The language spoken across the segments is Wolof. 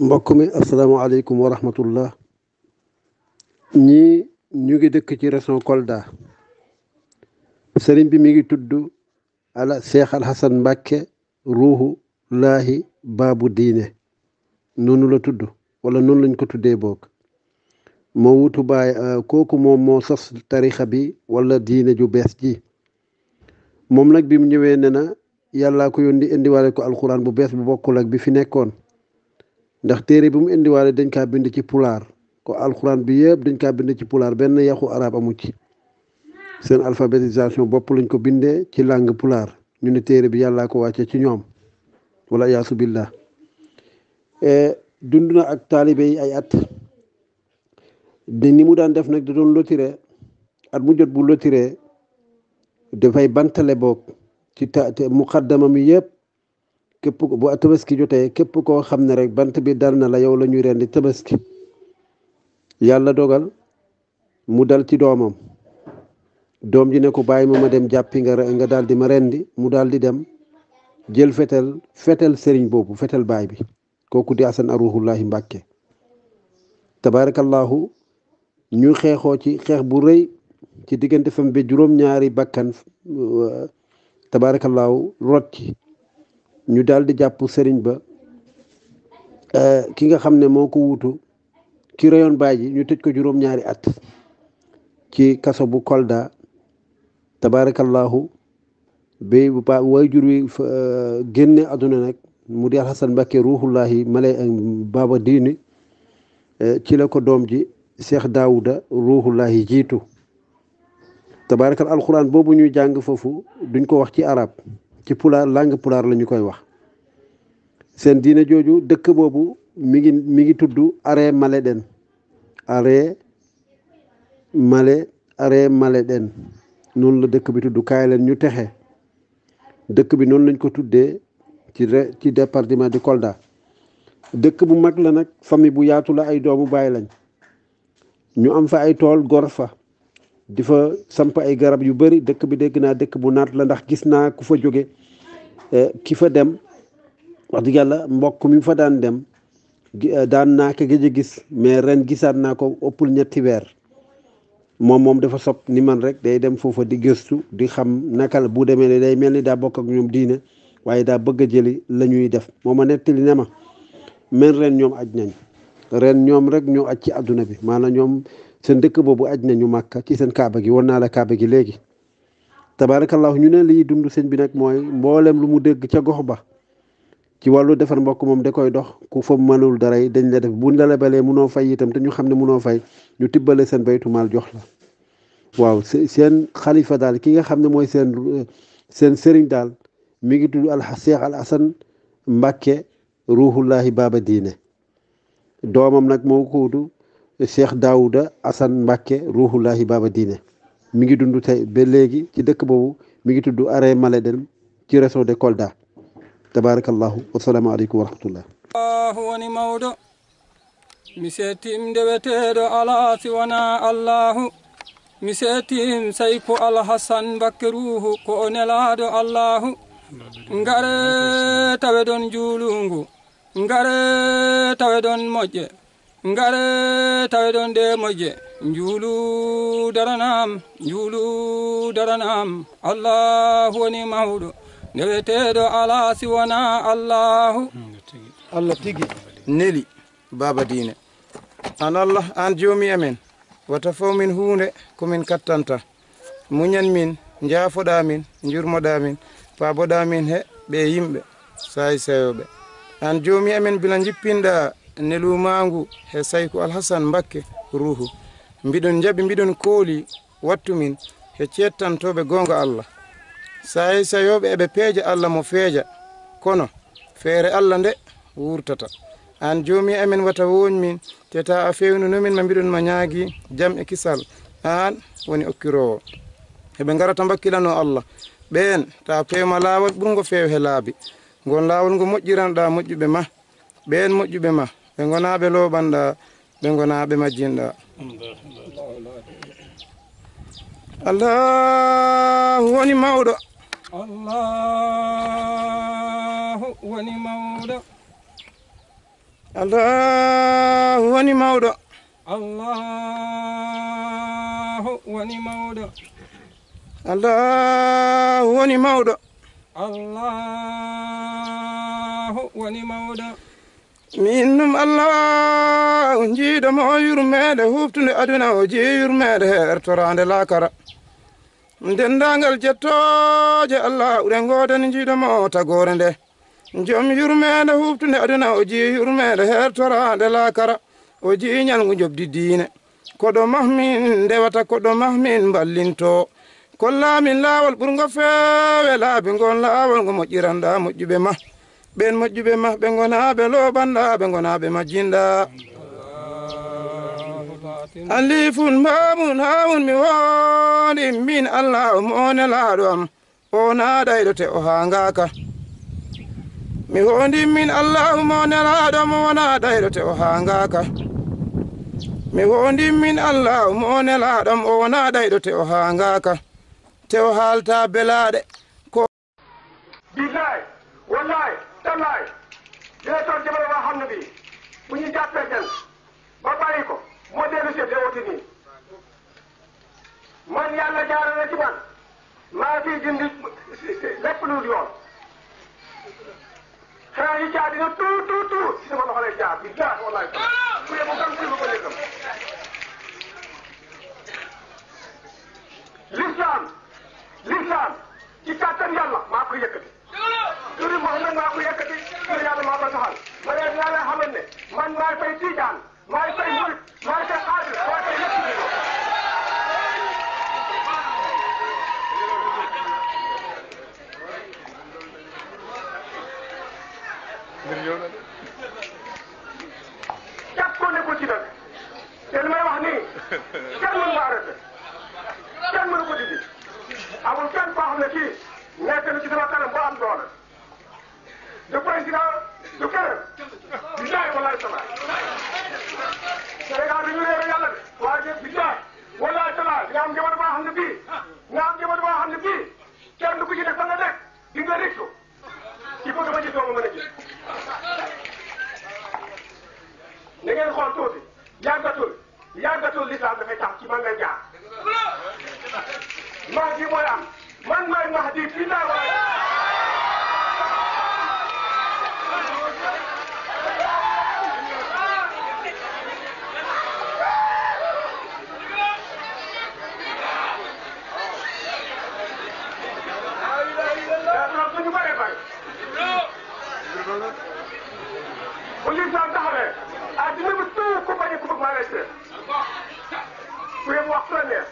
mbokk mi asalaamaaleykum wa rahmatullah ñii ñu ngi dëkk ci région Kolda sëriñ bi mi ngi tudd ala seexal Al Hassan Mbacke ruuhu laahi baabu diine noonu la tudd wala noonu lañ ko tuddee boog moo wutu baay euh, kooku moom moo sos tarixa bi wala diine ju bees ji moom nag bi mu ñëwee ne na yàllaa yoon di indiwaale ko alxuraan bu bees bu bokkul ak bi fi nekkoon ndax téere bi mu indiwaale dañ kaa bind ci pulaar ko alxuraan bi yëpp dañ ka bind ci pulaar benn yaxu arab amu ci seen alphabétisation bopp lañ ko bindee ci langue pulaar ñu ne téere bi yàllaa ko wàccee ci ñoom wala yaasu billah e, dund na ak taalibe ay at de ni mu daan def nag da doon lotire at mu jot bu lotire dafay bantale boog ci ta muqaddama mi yëpp képp bu tabaski jotee képp koo xam ne rek bant bi dal na la yow la ñuy rendi tabaski yàlla dogal mu dal ci doomam doom ji ne ko bàyyi ma ma dem jàppi nga nga daal di ma rendi mu daal di dem jël fetel fetel sëriñ boobu fetel baay bi kooku di asan aruhullahi mbàkke tabarakallahu ñu xeexoo ci xeex bu rëy ci diggante fam bi juróom-ñaari bakkan euh, tabarakallahu rot ci ñu daal di jàpp sëriñ ba euh, ki nga xam ne moo ko wuutu ki rayoon baay ji ñu tëj ko juróom-ñaari at ci kaso bu Kolda tabarakallahu bi bu pa waajur wi euh, génne àdduna nag mu di alxasan Mbàkke ruuxullaahi malay ak baaba diini euh, ci la ko doom ji Cheikh Daouda ruuxullaahi jiitu tabarakal alquran boobu ñuy jàng foofu duñ ko wax ci arab ci pulaar langue pulaar lañu koy wax seen diine jooju dëkk boobu mi ngi mi ngi tudd are male den are male are male den noonu la dëkk bi tudd kaay ñu texe dëkk bi noonu lañ ko tuddee ci ci di Kolda dëkk bu mag la nag famille bu yaatu la ay doomu baay lañ ñu am fa ay tool gor fa di fa samp ay garab yu bari dëkk bi dégg naa dëkk bu naat la ndax gis naa ku fa jóge eh, ki fa dem wax dëgg yàlla mbokk mi fa daan dem eh, daan naa ko gëj gis mais ren gisaat naa ko ëppul ñetti weer moom moom dafa sob ni man rek day dem foofa di gëstu di xam naka la bu demee ne day mel ni daa bokk ak ñoom diine waaye daa bëgg a jëli la ñuy def moo ma nettali ne ma men ren ñoom aj nañ ren ñoom rek ñoo aj ci àdduna bi maana ñoom seen dëkk boobu aj ñu màkka ci seen kaaba gi wan naa la kaaba gi léegi tabaarakallahu ñu ne lii dund sëñ bi nag mooy mbooleem lu mu dégg ca gox ba ci wàllu defar mbokk moom da koy dox ku fa mënul dara yi dañ la def bu la lebalee munoo fay itam te ñu xam ne munoo fay ñu tibbale seen baytu maal jox la waaw seen xalifa daal ki nga xam ne mooy seen seen sëriñ daal mi ngi tudd al Cheikh Al Hassan baaba diine doomam nag moo ko wuutu Cheikh Daouda Assane baaba diine mi ngi dund ci dëkk boobu mi ngi tudd arrêt Maledem ci réseau Kolda tabarakallahu wasalaamu aleykum wa rahmatullah woni mawɗo mi settim ndeweteɗo ala siwana allahu mi settim sayko alhasan bakke ruuhu ko o nelaɗo allahu ngare tawe ɗon juulungu ngare tawe ɗon moƴƴe ngare tawe ɗon nde moƴƴe njuulu daranam njuulu daranam allahu woni mawɗo nde weteɗo ala siwona allahu allah neli baba dine an allah an joomi amen wata fof min hunde komin kattanta muñan min jaafoɗa min jurmoɗa min paaboɗa min he ɓe yimɓe sayi seyoɓe an joomi amen bila jippinɗa nelumagu e sayko alhassane mbakke ruhu mbiɗon jaaɓi mbiɗon kooli wattu min e cettantoɓe gonga allah sayi eɓe peeja allah mo feeja kono feere allah nde wurtata an joomi amen wata woñmin te ta a fewnunomin ma mbiɗon ma ñaagui jaam e kisal an woni okkirowo eɓe garata mbakkilano allah ɓen ta pewma laawol ɓurgo feew he laabi gon laawol ngo moƴƴiranɗa moƴƴuɓe ma ɓen moƴƴuɓe ma ɓe gonaɓe loɓanɗa ɓe gonaɓe majjinɗa allahu woni mawɗo mi innum allah jiiɗomo o yurmeede huɓtude aduna o jeeyi yurmeede heertoraande laakara ndendaangal jettooje allah uɗen gooden jiiɗomo o tagoore nde joom yurmeede huɓtude aduna o jeeyi yurmeede heertoraande laakara o jeeyi ñalngu jobdi diine koɗo mahmin ndewata koɗo mahmin mballintoo kolla min laawol ɓurgo feewe laabi ngon laawol ngo moƴƴiranda moƴƴuɓe ma ɓen moƴƴuɓe ma ɓe gonaaɓe looɓanɗa ɓe gonaaɓe majjinɗa alifun mbamun hawun mi wooni min allah o monelaaɗo am o naaɗayɗo te o haa mi wondin min allahu monelaaɗo am am o wonaaɗayɗo te o haa te o haalta belaaɗe ko billaay wallaay tallaay directeur jabal waa xam ne bii bu ñu jàppee kenn ba bàyyi moo dellu si te woti nii man yàlla jaarale na ci man maa fiy dindi lépp yoon xanaa yi jaar dina tuut tuut tuut si sama lislaam ci kàttan yàlla maa ko yëkkati. turi Muhammad maa ko yëkkati turi yàlla maa ko taxal ma ne dinaa leen xamal ne man maay fay tiijaan maay fay du keneen. billaay walaay talaay. Sénégal dañu réer yàlla de. waa jëf billaay walaay talaay nga am jabar baa xam ne bii. nga am jabar baa xam ne bii. kenn du ko ci def ba nga nekk di nga rëccu. il faut que ma ci doog a mën a ji. na ngeen xool tuuti yàggatul yàggatul lislaam dafay tax ci man ngay jaar. directeur kuréel wax première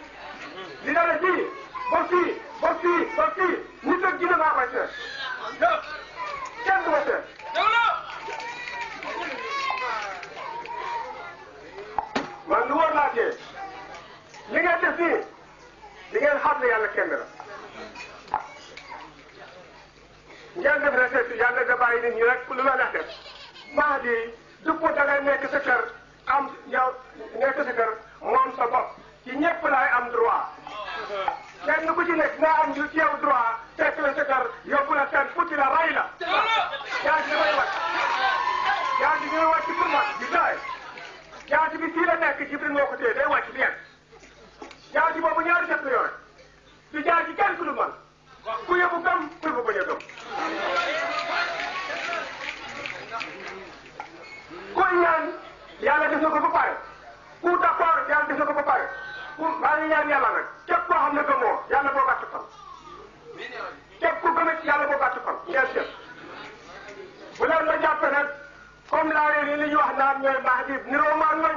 li dara ji ba fii ba fii ba fii ñu tëg gina maa koy seet kenn du ma seet man lu war laa jee li ngeen def nii di ngeen xam ne yàlla kenn la ngeen def recherche yàlla da bàyyi nit ñi rek lu la neex def baax di dëpp da ngay nekk sa kër am yow nekk sa kër moom sa bopp ci ñëpp laay am droit kenn ku ci nekk naa am ci yow droit fekk la sa kër yóbbu la seen futti la ray la jaati dafay wàcc jaati dafay wàcc pour ma di daay jaati bi fii la nekk Jibril moo ko téye day wàcc bien jaati boobu ñaari set la yore du jaati kenn ku lu man ku yóbbu gëm ku yóbbu bañ a gëm yàlla def na ko ba pare ku d'accord yàlla def di ko ba pare ku maa ngi ñaan yàlla nag képp koo xam ne gëmoo yàlla boo gàtt fan képp ku gëm it yàlla boo gàtt fan ngeen jëf bu leen ma jàppe nag comme laa leen li ñu wax naan ñooy Mahdi niroo maa ngooñ